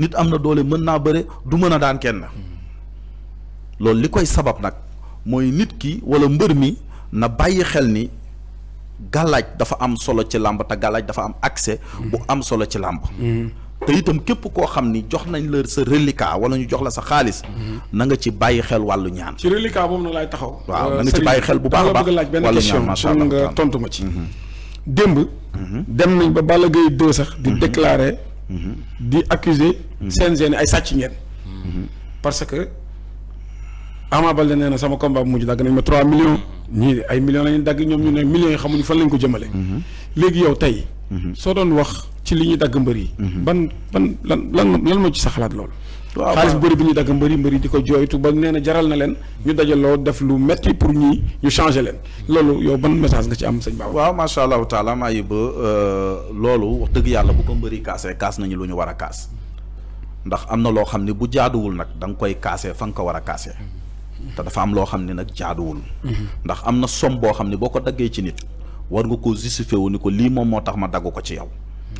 nit am na doole mën naa bëre du mën a daan kenn loolu li koy sabab nag mooy nit ki wala mbër mi na bàyyi xel ni gàllaaj dafa am solo ci làmb te gàllaaj dafa am accès bu mm. am solo ci làmb mm. te itam képp koo xam ni jox nañ la sa reliquat wala ñu jox la sa xaalis mm. na nga ci bàyyi xel wàllu ñaan ci reliquat moom na laay taxaw waaw euh, na ci bàyyi xel bu baax a baax laaj benn question macha allah nga tontu ma ci mm-hmm. démb mm-hmm. dem nañ ba bala Gaye 2 sax di mm-hmm. déclarer di accuser CNG ne ay sàcc ngeen. parce que Ama Baldé nee na sama combat bu mujj dagg nañ ma 3 millions. ñii ay millions lañu dagg ñoom ñu ne millions yi xamuñu fan lañ ko jëmale. léegi yow tey. soo doon wax ci li ñuy dagg mbër yi. ban ban lan lan lan moo ci sa xalaat loolu. waaw xaalis bëri bi ñu dagg mbëri mbëri di ko jooytu ba nee na jaral na leen ñu dajaloo def lu metti pour ñu changer leen loolu yow ban message nga ci am sëñ Baba waaw macha allahu taala maa yi ba euh, loolu wax dëgg yàlla bu ko mbëri kaasee kaas nañu lu ñu war a kaas ndax am na loo xam ne bu jaaduwul nag da nga koy kaasee fa nga ko war a kaasee te dafa am loo xam ne nag jaaduwul mm-hmm. ndax am na som boo xam ne boo ko daggee ci nit war nga ko justifier wu ni ko lii moom moo tax ma dagg ko ci yow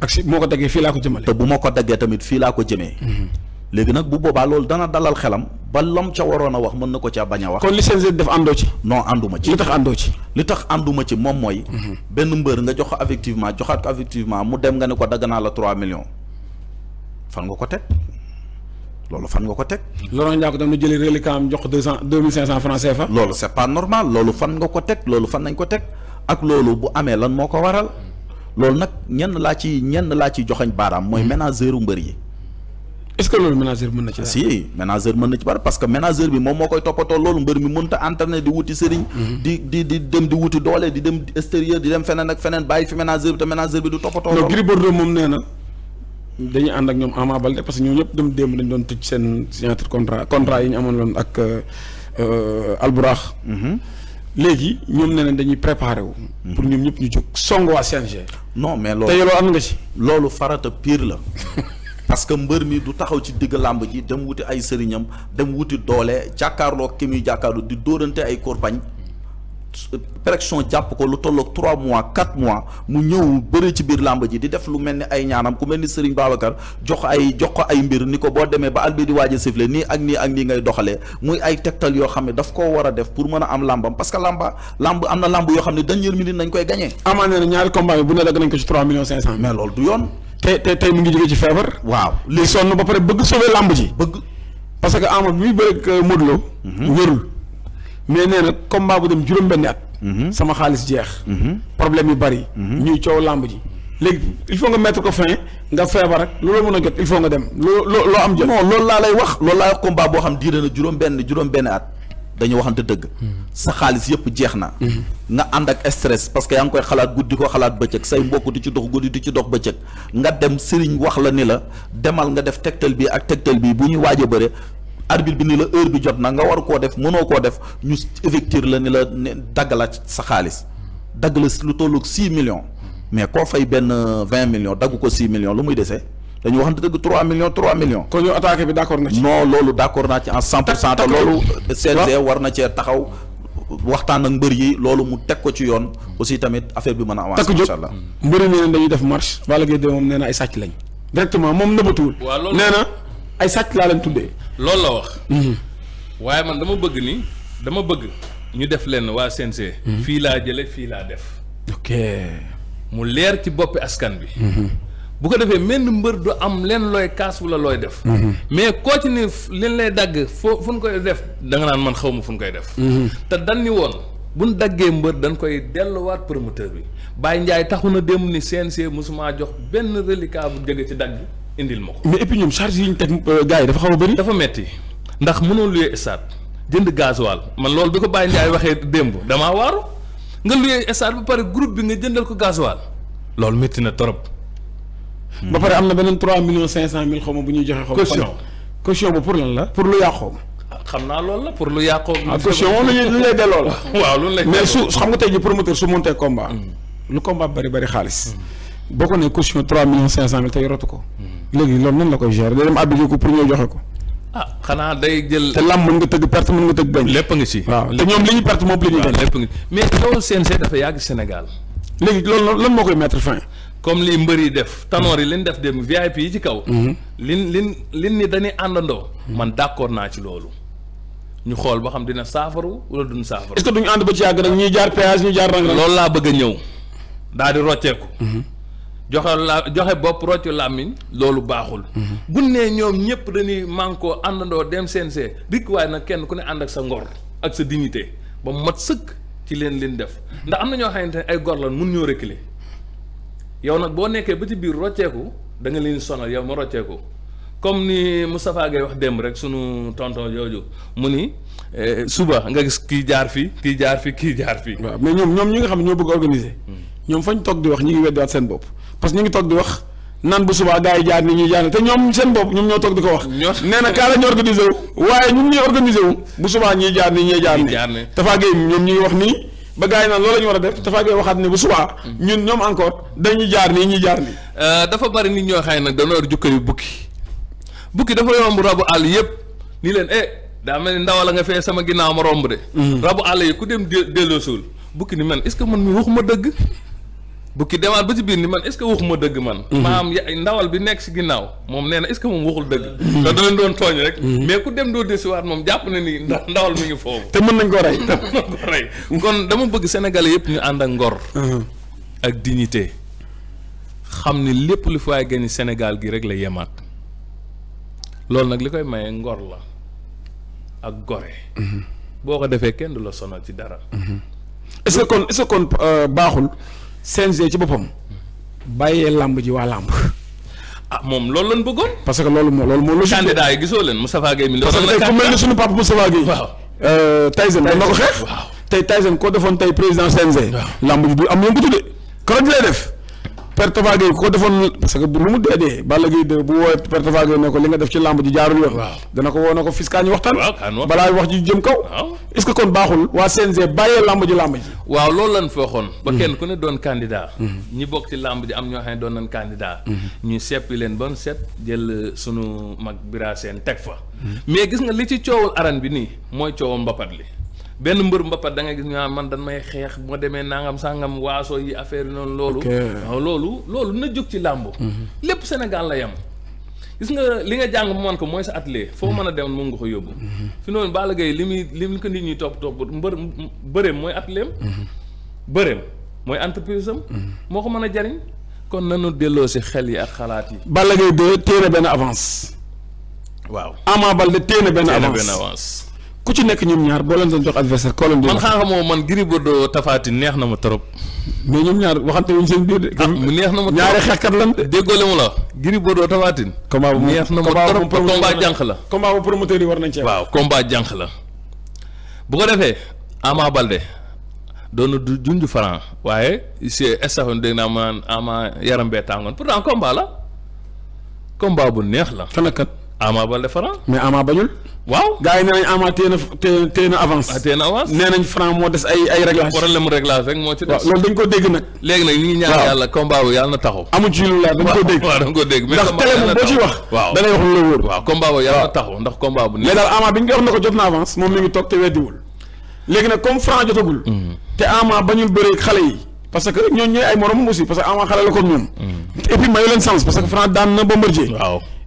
ak ko daggee fii laa ko jëmale bu ma ko daggee tamit fii laa ko jëmee mm-hmm. léegi nag bu boobaa loolu dana dalal xelam ba lam ca waroon a wax mën na ko caa bañ a wax. kon li def àndoo ci. non ànduma ci li tax àndoo ci. li tax ànduma ci moom mooy. Mhm. benn mbër nga jox ko effectivement joxaat ko effectivement mu dem nga ne ko dagg naa la 3 millions fan nga ko teg loolu fan nga ko teg. Laurent Ndiago dem na jëli reliquat jox ko 200 2500 francs CFA. loolu c'est pas loolu fan nga ko teg loolu fan nañ ko teg ak loolu bu amee lan moo ko waral loolu nag ñenn laa ci ñenn laa ci joxañ baaraam mooy mhm. ménageur mbër yi. est-ce que loolu ménageur mën na ci si ménageur mën na ci bari parce que ménageur bi moom moo koy toppatoo loolu mbër mi mënta entraîner di wuti sëriñ mhm. di di dem di wuti doole di dem extérieur di dem feneen ak feneen bàyyi fi ménageur bi te ménageur bi du toppatoo loolu Gris Bordeaux moom nee dañuy ànd ak ñoom Ama Baldé parce que ñoo ñëpp dem démb dañ doon tëj seen signature contrat contrat yi ñu amoon loon ak euh, Alburax mhm. léegi ñoom nee dañuy préparé wu mhm. pour ñoom ñëpp ñu jóg song waa CNG mais loolu te yow am nga ci loolu farata pire la parce que mbër mi du taxaw ci digg làmb ji dem wuti ay sëriñam dem wuti doole jàkkaarloo ki muy jàkkaarloo di dóorante ay corpagne pression jàpp ko lu tolloog trois mois quatre mois mu ñëw bëre ci biir làmb ji di def lu mel ni ay ñaanam ku mel ni Serigne Babacar jox ay jox ko ay mbir ni ko boo demee ba albi di a sifle nii ak nii ak nii ngay doxalee muy ay tegtal yoo xam ne daf koo war a def pour mën a am làmbam parce que làmba làmb am na làmb yoo xam ne dernière minute te te tey mu ngi jóge ci feebar. waaw li sonn ba pare bëgg sauver làmb ji. bëgg parce que Ama bi muy bëre euh, Modou Lo. Mhm. wérul mais nee na combat bu dem juróom-benni at. Mhm. sama xaalis jeex. Mhm. problème yu bari. ñuy coow làmb ji. léegi il faut nga mettre ko fin nga feebar rek loolu mën a jot il faut nga dem loo loo am jël. non loolu laa lay wax. loolu laa wax combat boo xam diire na juróom-benn juróom-benn at. dañu waxante dëgg. sa xaalis yëpp jeex na. nga ànd ak stress parce que yaa ngi koy xalaat guddi ko xalaat bëccëg say mbokk di ci dox guddi di ci dox bëccëg nga dem sëriñ wax la ni la demal nga def tegtal bi ak tegtal bi bu ñu waaj a bëre arbitre bi ni la heure bi jot na nga war koo def mënoo koo def ñu effectuer la ni la dagg la sa xaalis dagg la lu tollu six million mais koo fay benn vingt millions dagg ko six million lu muy desee dañu wax dëgg trois millions trois millions. kon yow attaque bi d' accord ci. non loolu d' accord naa ci en cent pour cent. te loolu CNG war na cee taxaw waxtaan ak mbër yi loolu mu teg ko ci yoon. aussi tamit affaire bi mën a avancer. incha allah mbër yi nee na dañuy def marche. Balla Gaye 2 moom nee na ay sàcc lañ. moom nëbbatuwul. waaw nee na ay sàcc laa leen tuddee. loolu la wax. Mhm. waaye man dama bëgg ni dama bëgg ñu def leen waa CNG. Mhm. fii laa jële fii laa def. ok mu leer ci boppi askan bi. Mhm. bu ko defee menn mbër du am leen looy kaas la looy def. Mhm. mais koo ci ni leen lay dagg foo fu ñu koy def da nga naan man xaw ma fu ñu koy def. Mhm. te dan ni woon bu ñu daggee mbër dañ koy delluwaat promoteur bi bàyyi Ndiaye taxu na dem ni CNC mosuma jox benn reliquat bu jóge ci dagg indil ma ko. mais et charge yi ñu teg euh, gars yi dafa xaw a bëri. dafa metti ndax mënoo luyee stade jënd gasoil man loolu bi ko bàyyi Ndiaye waxee démb damaa waaru nga luyee stade bu pare groupe bi nga jëndal ko gasoil loolu métti na torop ba pare am na beneen trois millions cinq cent mille xaw ma bu ñuy joxe. xaw ma caution caution ba pour lan la. pour lu yàqoo ma. xam naa loolu la pour lu yàqoo. ah caution moom lu ñu lay delloo la. waaw loolu mais su xam nga tey ji promoteur su monté combat. Hmm. lu combat bari bari xaalis. Hmm. boo ko nee caution trois millions cinq cent mille te yoratu ko. Hmm. léegi loolu nan la koy gérer day dem abdiqué ko pour ñoo joxe ko. ah xanaa day jël. te lam mën nga tëgg perte mën nga tëgg bañ. fin comme li mbër yi def tanoor yi liñ def dem VIP yi ci kaw. Mhm. lin lin lin ni dañuy àndandoo. man d'accord naa ci loolu. ñu xool ba xam dina saafaru wala duñ saafaru. est-ce que duñ ànd ba ci yàgg nag ñuy jaar péage ñuy jaar rang loolu laa bëgg a ñëw daal di rocceeku. Mhm. joxe la joxe bopp roccu làmmiñ loolu baaxul. Mhm. bu nee ñoom ñëpp dañuy mànkoo àndandoo dem CNG rikk waaye nag kenn ku ne ànd ak sa ngor ak sa dignité ba mu mat sëkk ci leen leen def ndax am na ñoo xamante ne ay gor lan mun ñoo reculer. yow nag boo nekkee ba ci biir rocceeku da nga leen sono yow ma rocceeku comme ni Moustapha Gueye wax démb rek sunu tonton jooju mu ni eh, suba nga gis kii jaar fii kii jaar fii kii jaar fii. waaw mais ñoom ñoom xam ne ñoo bëgg organiser. ñoom di wax ñu ngi weddiwaat seen bopp parce que ñu ngi toog di wax. nan bu ñoom seen bopp ñoom ñoo toog di ko wax. nee na kaa la ñu organisé wu. waaye ñun ñuy organisé bu subaa ñuy jaar ni ñuy jaar ni. ñuy jaar ñoom ñu wax nii. ba gars yi naan lool la war a def dafaa koy waxaat ne bu subaa. Mm. ñun ñoom encore dañuy jaar nii ñuy jaar nii. Euh, dafa bari nit ñoo xay nag dañoo yor jukka yu bukki bukki dafa yomb rabu àll yëpp ni leen eh daa mel ni ndaw la nga fee sama ginnaaw ma romb de. Mm. rabu àll yi ku dem delloosul bukki ni man est-ce que man mi ma dëgg. bukki demaat ba ci biir ni man est-ce que waxuma dëgg man mhm. maam ndawal bi nekk si ginnaaw moom nee na est-ce que moom waxul dëgg mhm. da da doon tooñ rek mhm. mais ku dem doo desiwaat moom jàpp na ni ndawal mi ngi foofu te mën nañ ko rey te mën dama bëgg sénégalais yëpp ñu ànd ak ngor ak dignité xam ni lépp lu faay gañ sénégal gi rek la yemaat loolu nag li koy maye ngor la ak gore boo ko defee kenn du la sonal ci dara est kon est kon euh, baaxul CNG ci boppam bàyyee làmb ji waa làmb. ah moom loolu lañ bëggoon. parce que loolu moo loolu moo logique. candidat yi gisoo leen Moustapha Gueye mi. parce que tey ku mel ni suñu euh, na ko xeex. tey Tyson koo defoon tey président CNG. waaw làmb ji du am yëngatu de. keroog lay def. perte vague ko defoon parce que bu nu mu dee dee Balla Gaye de bu woowee perte vague yi ne ko li nga def ci làmb ji jaarul yoon. dana ko woo na ko fiskaa ñu waxtaan. balaa wax ji jëm kaw. est-ce baaxul waa CNG bàyyee làmb ji làmb ji. waaw loolu lañ fa waxoon. ba hmm. kenn ku ne doon candidat. Hmm. ñi bokk ci làmb ji am ñoo xam ne doon nañ candidat. Hmm. ñu seppi leen ba mu set jël euh, sunu mag bira seen teg fa. mais gis nga li ci coowul aran bi nii mooy coowam mbapat li. benn mbër mbappat da nga gis ñu man dañ may xeex moo demee nangam sàngam waasoo yi affaire yi noonu loolu waaw loolu loolu na jóg ci làmb mhm. lépp Sénégal la yam gis nga li nga jàng man ko mooy sa atelier foo mhm. mën a dem moom nga ko yóbbu mhm. fi noonu Balla Gaye li muy ko nit ñuy topp topp mbër bëreem mooy atelier am bëreem mooy entreprise moo ko mën a jariñ kon nanu delloo si xel yi ak xalaat yi Balla Gaye de téye benn avance waaw Ama Baldé téye na benn avance ku ci nekk ñoom ñaar boo leen doon jox adversaire koo leen doon man xaaral moom man Gris Bordeaux Tapha neex na ma trop. mais ñoom ñaar waxante wuñ seen ah, mu neex na ma trop ñaari xeexkat lan de. déggoo la mu la Gris Bordeaux Tapha Tine. combat bu neex na ma trop combat la. combat bu promoteur yi war nañ cee waaw combat jànq la. bu ko defee Ama Balde na du junj franc waaye c'est estafan naa ma Ama yaram bee tàngoon pourtant combat la combat bu neex la. kan Ama Baldé Franc. mais Ama bañul. waaw gars yi nee nañ Ama téye na téye avance. ah téye moo des ay ay réglage. waaw loolu dañ ko dégg nag. léegi nag ñu ngi ñaan yàlla combat bi yàlla na taxaw. amu ci lu la dañ ko dégg waaw dañ ko dégg. mais ndax télé moom boo ciy wax. waaw wax lu wóor. waaw yàlla na taxaw ndax combat bu. daal Ama bi ñu koy na ko jot na avance moom mi ngi toog te weddiwul léegi nag comme Franc jotagul. Mm-hmm. te Ama bañul bëree xale yi. parce que ñooñu ñooy ay moromam aussi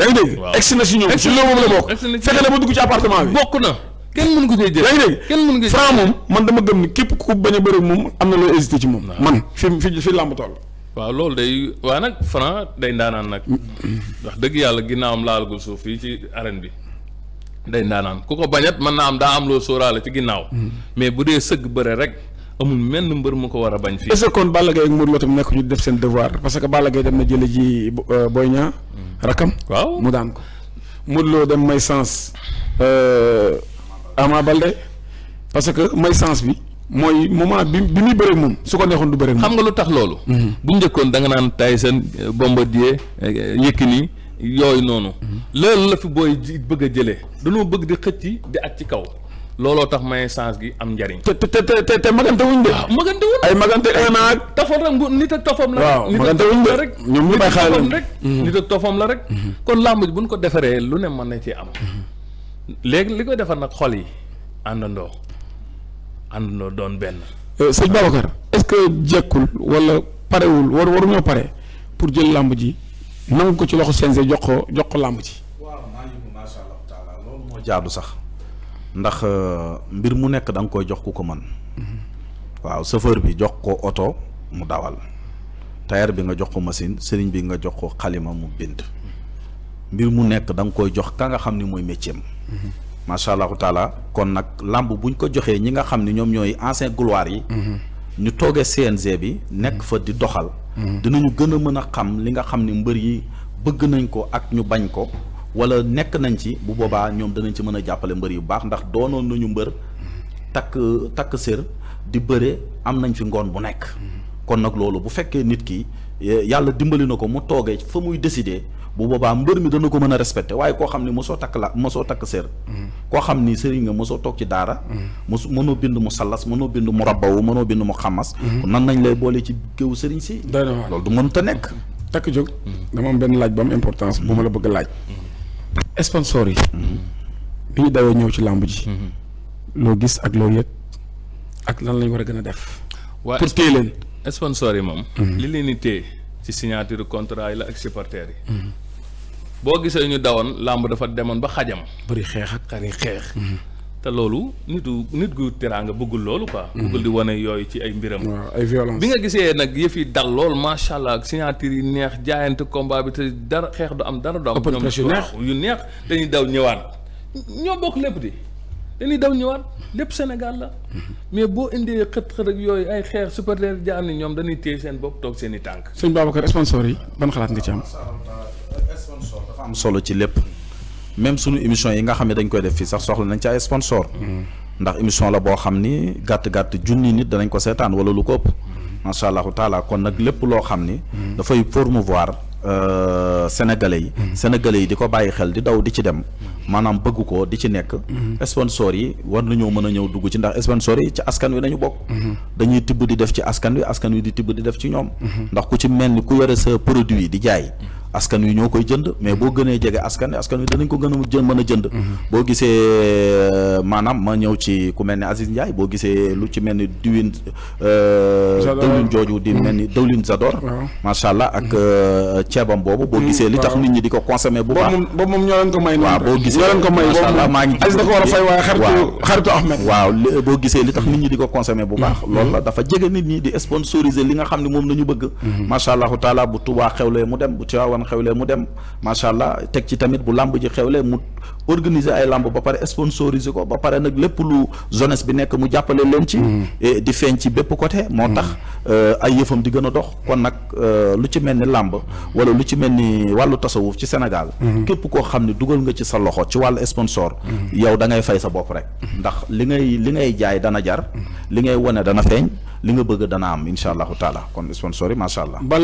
yaa dégg. waaw egsi na si ñoom. egsi na si loolu la bokk. fexe na ba dugg ci appartement bi. bokk na kenn mënu ko koy jël. yaa ngi dégg kenn mënu ko franc moom man dama gëm ni képp ku bañ a bëri moom am na loo hésité ci moom. man fi fi fi làmb toll. waaw loolu day waaye nag franc day ndaanaan nag mm. wax dëgg yàlla am ginnaawam ko suuf fii ci arène bi day ndaanaan ku ko bañat mën naa am daa am loo sóoraale ci ginnaaw mm. mais bu dee sëgg bëre rek amul menn mbër mu ko war a bañ fii. est-ce que kon Balla Gaye ak Modou Lo tam nekk ñu def seen devoir na jële ji euh, Boy Niang rakam. waaw mu daan ko dem may sens euh, Ama Baldé que may bi mooy moment bi bi muy bëreeg moom su ko neexoon du bëreeg xam nga lu tax loolu. Mhm. bu njëkkoon da nga naan Tyson Bombardier Yékini yooyu noonu. Mhm. la fi booy bëgg jëlee. dañoo bëgg di xëcc di ak ci kaw. looloo tax mayence gi am njariñ te te te te magante wuñ de. magante wuñ ay magante un an ak. tafam rek bu nit ak tofam la. waaw wuñ de rek ñoom ñu rek. nit ak tofam la rek. Mhm. kon làmb ji bu ñu ko defaree lu ne mën na ci am. léegi li koy defar nag xol yi àndandoo àndandoo doon benn. Euh, sëñ Babacar est-ce que jekkul wala parewul war waruñoo pare pour jël làmb ji nangu ko ci loxo CNG jox ko jox ko làmb ji. waaw maa ngi macha allah taala loolu moo jaadu sax. ndax euh, mbir mu nekk danga nga koy jox ku ko mën waaw chauffeur bi jox ko oto mu dawal tailleur bi nga jox ko machine sëriñ bi nga jox ko xalima mu bind mbir mu nekk danga nga koy jox ka nga xam ni mooy métier am macha allahu taala kon nag làmb buñ ko joxee ñi nga xam ni ñoom ñooy ancien gloire yi ñu toogee CNG bi nekk fa di doxal dinañu gën a mën a xam li nga xam ni mbër yi bëgg nañ ko ak ñu bañ ko wala nekk nañ ci bu boobaa ñoom danañ ci mën a jàppale mbër yu baax ndax doonoon nañu mbër takk takk sér di bëre am nañ fi ngoon bu nekk kon nag loolu bu fekkee nit ki yàlla dimbali na ko mu toogee fa muy décider bu boobaa mbër mi dana ko mën a respecté waaye koo xam ni mosoo takk la mosoo takk sér koo xam ni sëriñ nga mosoo toog ci daara mosu mënoo bind mu sallas mënoo bind mu rabawu mënoo bind mu xamas nan nañ lay boolee ci géewu sëriñ si loolu du mënut a nekk takk jóg mm. dama am benn laaj bu am importance bu la bëgg laaj mm. sponsor yi. bi ñu dawee ñëw ci làmb ji. loo gis ak loo yëg ak lan lañ war a gën a def. waaw pour téye leen. sponsor yi moom. Mm-hmm. li leen di téye ci signature contrat yi la ak supporters yi. Mm-hmm. boo gisee ñu dawoon làmb dafa demoon ba xajam. bari xeex ak xari xeex. Mm-hmm. te loolu nitu nit gu teraanga bëggul loolu quoi. Mm-hmm. bëggul di wane yooyu ci ay mbiram. ay violence bi nga gisee nag yëf yi dal lool macha allah signature yi neex jaayante combat bi te dara xeex du am dara. du am ñoom yu neex dañuy daw ñëwaan ñoo bokk lépp di. dañuy daw ñëwaat lépp Sénégal la mm-hmm. mais boo indee xët-xët ak yooyu ay xeer supporter jaar ni ñoom dañuy téye seen bopp toog seen i tànk. sëñ Babacar sponsor yi ban xalaat nga ci am. sponsor euh, dafa am solo ci lépp. même suñu émission yi nga xam ne dañ koy def fii sax soxla nañ ci ay sponsor ndax émission la boo xam ni gàtt-gàtt junni nit danañ ko seetaan wala lu ko ëpp macha allahu taala kon nag lépp loo xam ni dafay promouvoir euh, sénégalais yi sénégalais yi di ko bàyyi xel di daw di ci dem maanaam bëgg ko di ci nekk sponsor yi war nañoo mën a ñëw dugg ci ndax sponsor yi ci askan wi nañu bokk dañuy tibb di def ci askan wi askan wi di tibb di def ci ñoom ndax ku ci mel ni ku yore sa produit di jaay askan wi ñoo koy jënd mais boo gënee jege askan askan wi danañ ko gën a jë mën a jënd. Mhm. boo gisee euh, maanaam ma ñëw ci ku mel ne Aziz Ndiaye boo gisee lu ci mel ni diwin. Euh, dawlin jooju di mel ni mhm. dawlin Zador. macha allah ak mhm. euh, ceebam boobu. boo gisee li tax nit ñi di ko consommer bu baax. boobu moom ko may. waaw boo gisee macha allah maa ngi. Aziz da ko war a fay waaw boo gisee li tax nit ñi di ko consommer bu baax. loolu la dafa jege nit ñi di sponsoriser li nga xam ne moom la ñu bëgg. macha allah taala bu xew xewlee mu dem bu Tiwaawan doon xewlee mu dem macha allah teg ci tamit bu làmb ji xewlee mu organiser ay làmb ba pare sponsoriser ko ba pare nag lépp lu jeunesse bi nekk mu jàppale leen ci. Mm-hmm. E, di feeñ ci bépp côté. moo tax mm-hmm. euh, ay yëfam di gën a dox kon nag euh, lu ci mel ni làmb wala lu ci mel ni wàllu tasawuf ci Sénégal. Mm-hmm. képp koo xam ne dugal nga ci sa loxo ci wàllu sponsor. yow da ngay fay sa bopp rek. ndax li ngay li ngay jaay dana jar. li ngay wone dana feeñ li nga bëgg dana am incha allahu taala